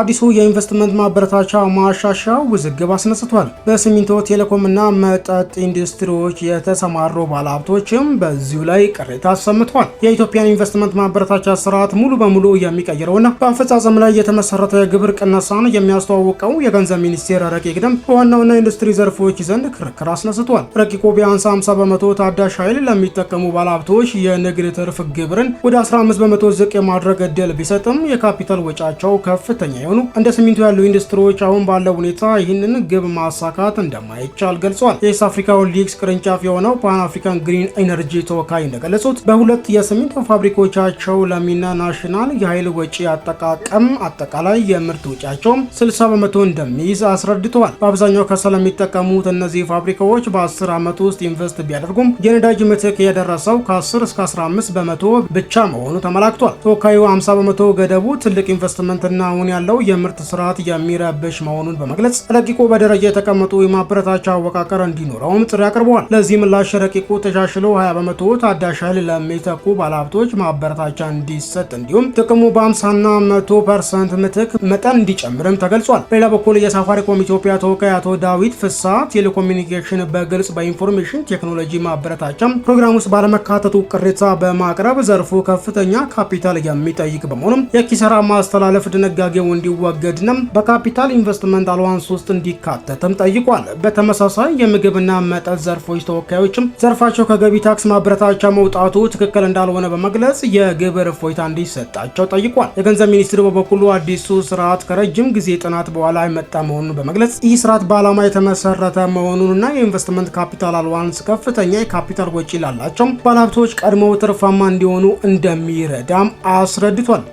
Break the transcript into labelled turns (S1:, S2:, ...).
S1: አዲሱ የኢንቨስትመንት ማበረታቻ ማሻሻያ ውዝግብ አስነስቷል። በሲሚንቶ ቴሌኮምና መጠጥ ኢንዱስትሪዎች የተሰማሩ ባለሀብቶችም በዚሁ ላይ ቅሬታ አሰምተዋል። የኢትዮጵያን ኢንቨስትመንት ማበረታቻ ስርዓት ሙሉ በሙሉ የሚቀይረውና በአፈጻጸም ላይ የተመሰረተ የግብር ቅነሳን የሚያስተዋውቀው የገንዘብ ሚኒስቴር ረቂቅ ደንብ በዋናውና ኢንዱስትሪ ዘርፎች ዘንድ ክርክር አስነስቷል። ረቂቁ ቢያንስ 50 በመቶ ታዳሽ ኃይል ለሚጠቀሙ ባለሀብቶች የንግድ ትርፍ ግብርን ወደ 15 በመቶ ዝቅ የማድረግ እድል ቢሰጥም የካፒታል ወጫቸው ከፍተኛ ሳይሆኑ እንደ ሲሚንቶ ያሉ ኢንዱስትሪዎች አሁን ባለው ሁኔታ ይህንን ግብ ማሳካት እንደማይቻል ገልጿል። የኤስት አፍሪካውን ሊግስ ቅርንጫፍ የሆነው ፓን አፍሪካን ግሪን ኤነርጂ ተወካይ እንደገለጹት በሁለት የሲሚንቶ ፋብሪካዎቻቸው ለሚና ናሽናል የኃይል ወጪ አጠቃቀም አጠቃላይ የምርት ወጪያቸው 60 በመቶ እንደሚይዝ አስረድተዋል። በአብዛኛው ከሰል የሚጠቀሙት እነዚህ ፋብሪካዎች በ10 ዓመት ውስጥ ኢንቨስት ቢያደርጉም የነዳጅ ምትክ የደረሰው ከ10 እስከ 15 በመቶ ብቻ መሆኑ ተመላክቷል። ተወካዩ 50 በመቶ ገደቡ ትልቅ ኢንቨስትመንትና አሁን ያለው ያለው የምርት ስርዓት የሚረብሽ መሆኑን በመግለጽ ረቂቁ በደረጃ የተቀመጡ የማበረታቻ አወቃቀር እንዲኖረውም ጥሪ አቅርበዋል። ለዚህ ምላሽ ረቂቁ ተሻሽሎ 20 በመቶ ታዳሽ ኃይል ለሚተኩ ባለሀብቶች ማበረታቻ እንዲሰጥ እንዲሁም ጥቅሙ በ50ና 100 ፐርሰንት ምትክ መጠን እንዲጨምርም ተገልጿል። በሌላ በኩል የሳፋሪኮም ኢትዮጵያ ተወካይ አቶ ዳዊት ፍሳ ቴሌኮሚኒኬሽን በግልጽ በኢንፎርሜሽን ቴክኖሎጂ ማበረታቻ ፕሮግራም ውስጥ ባለመካተቱ ቅሬታ በማቅረብ ዘርፉ ከፍተኛ ካፒታል የሚጠይቅ በመሆኑም የኪሰራ ማስተላለፍ ድንጋጌውን እንዲወገድና በካፒታል ኢንቨስትመንት አልዋንስ ውስጥ እንዲካተትም ጠይቋል። በተመሳሳይ የምግብና መጠጥ ዘርፎች ተወካዮችም ዘርፋቸው ከገቢ ታክስ ማበረታቻ መውጣቱ ትክክል እንዳልሆነ በመግለጽ የግብር እፎይታ እንዲሰጣቸው ጠይቋል። የገንዘብ ሚኒስትሩ በበኩሉ አዲሱ ስርዓት ከረጅም ጊዜ ጥናት በኋላ የመጣ መሆኑን በመግለጽ ይህ ስርዓት በዓላማ የተመሰረተ መሆኑንና የኢንቨስትመንት ካፒታል አልዋንስ ከፍተኛ የካፒታል ወጪ ላላቸው ባለሀብቶች ቀድመው ትርፋማ እንዲሆኑ እንደሚረዳም አስረድቷል።